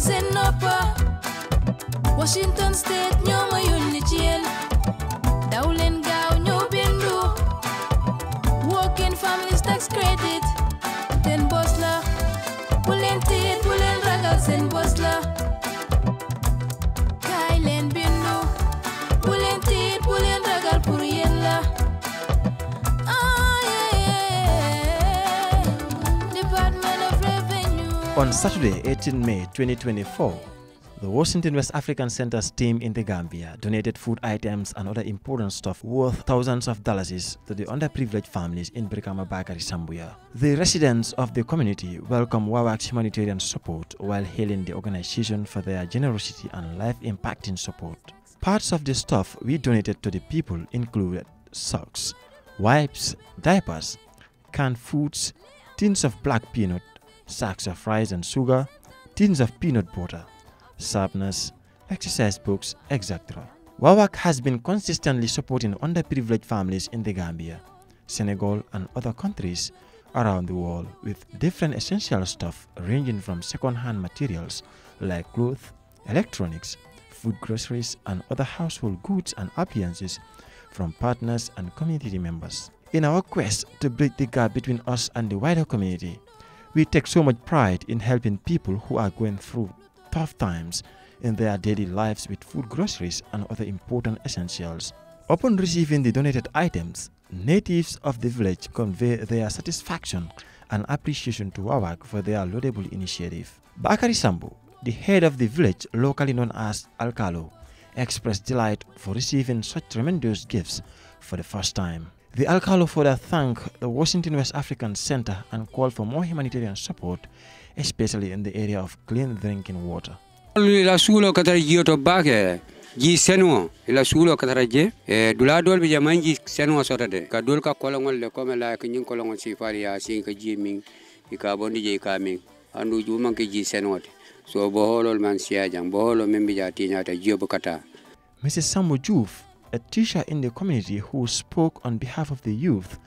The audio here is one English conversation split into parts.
Zeynaba Washington State ñoo ma yónni ci yéen daw leen gaaw ñoo bindu working families tax credit seen bos la bu leen tiit bu leen ragal seen bos la On Saturday, 18 May 2024, the Washington West African Center's team in the Gambia donated food items and other important stuff worth thousands of dollars to the underprivileged families in Brikama Bakari Sambuya. The residents of the community welcomed WAWAC's humanitarian support while hailing the organization for their generosity and life-impacting support. Parts of the stuff we donated to the people included socks, wipes, diapers, canned foods, tins of black peanut, sacks of rice and sugar, tins of peanut butter, sharpeners, exercise books, etc. WAWAC has been consistently supporting underprivileged families in the Gambia, Senegal and other countries around the world with different essential stuff ranging from second-hand materials like clothes, electronics, food groceries and other household goods and appliances from partners and community members. In our quest to bridge the gap between us and the wider community, we take so much pride in helping people who are going through tough times in their daily lives with food, groceries, and other important essentials. Upon receiving the donated items, natives of the village convey their satisfaction and appreciation to Wawak for their laudable initiative. Bakari Sambu, the head of the village locally known as Alkalo, expressed delight for receiving such tremendous gifts for the first time. The Alcalo further thank the Washington West African Center and call for more humanitarian support, especially in the area of clean drinking water. La sulo katara to bake ji senwo ila sulo katara je e dula dol bi jaman ji senwo sotade ka dol ka kolongol le kome la ka nyin kolongol si fari ya si ka ji min i ka bondi je ka min andu ju man ke ji senwo so bo holol man siya bo boholo min bi jati nyata jiobo kata Mrs. Sambo Juf a teacher in the community who spoke on behalf of the youth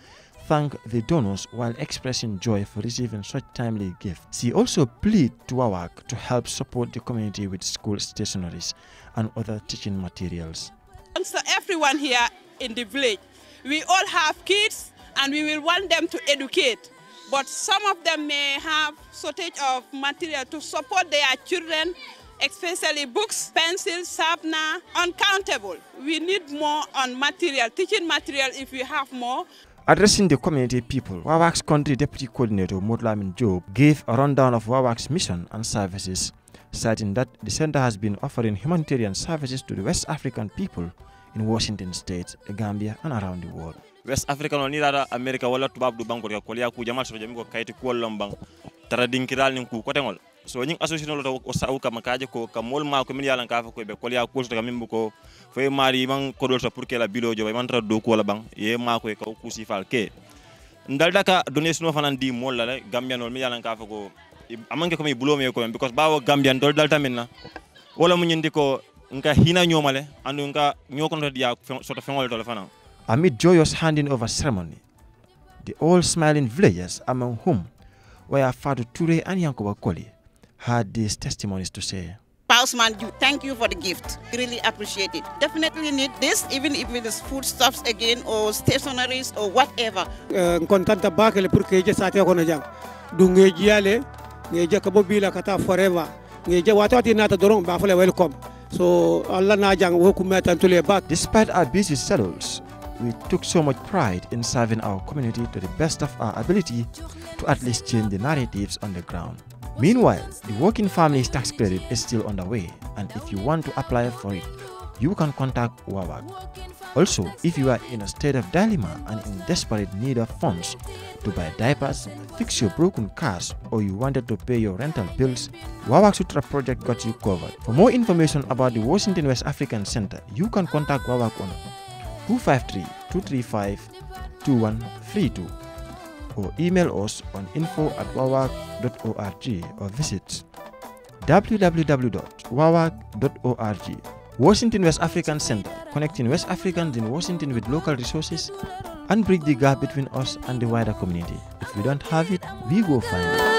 thanked the donors while expressing joy for receiving such timely gift. She also pleaded to AWAC to help support the community with school stationeries and other teaching materials. And to everyone here in the village. We all have kids and we will want them to educate. But some of them may have shortage of material to support their children especially books, pencils, sharpener, uncountable. We need more on material, teaching material if we have more. Addressing the community people, WAWAC's country deputy coordinator Modlamin Job gave a rundown of WAWAC's mission and services, citing that the center has been offering humanitarian services to the West African people in Washington state, Gambia and around the world. West Africa no nirara America wala tubabdu bangor ya kolya ku jamal so jamigo kayti ko lombang tara dinkiral nin kotengol so ñing association lo to sa ka makaje ko mol ma ko min yalan ka fa ko be kol ya ko to min ko fay mari man ko dol to pour que la bilo jobe man tra do ko la bang ye ma ko ka ku si fal ke ndal daka donation no fanan di mol la gambian no mi yalan ka fa ko ke ko mi bulo me ko because bawo gambian dol dal tamin na wala mu ñindi ko nka hina ñomale andu nka ya so to fengol dol fanan amid joyous handing over ceremony the all smiling villagers among whom were father Ture and Yankuba Koli had these testimonies to say. Pausman, you thank you for the gift. Really appreciate it. Definitely need this, even if it is foodstuffs again or stationaries or whatever. Eh, Kontanta bakele pour que je sate ko na jang. Dunge jiale, ngeje ko bobila kata forever. Ngeje watati nata dorong ba welcome. So Allah na jang wo kumeta tule back. Despite our busy schedules, we took so much pride in serving our community to the best of our ability to at least change the narratives on the ground. Meanwhile, the Working Families Tax Credit is still underway, and if you want to apply for it, you can contact Wawak. Also, if you are in a state of dilemma and in desperate need of funds to buy diapers, fix your broken cars, or you wanted to pay your rental bills, Wawak Sutra project got you covered. For more information about the Washington West African Center, you can contact Wawak on 253 235 2132 or email us on info at wawak.org or visit www.wawak.org. Washington West African Center, connecting West Africans in Washington with local resources and bridge the gap between us and the wider community. If we don't have it, we will find it.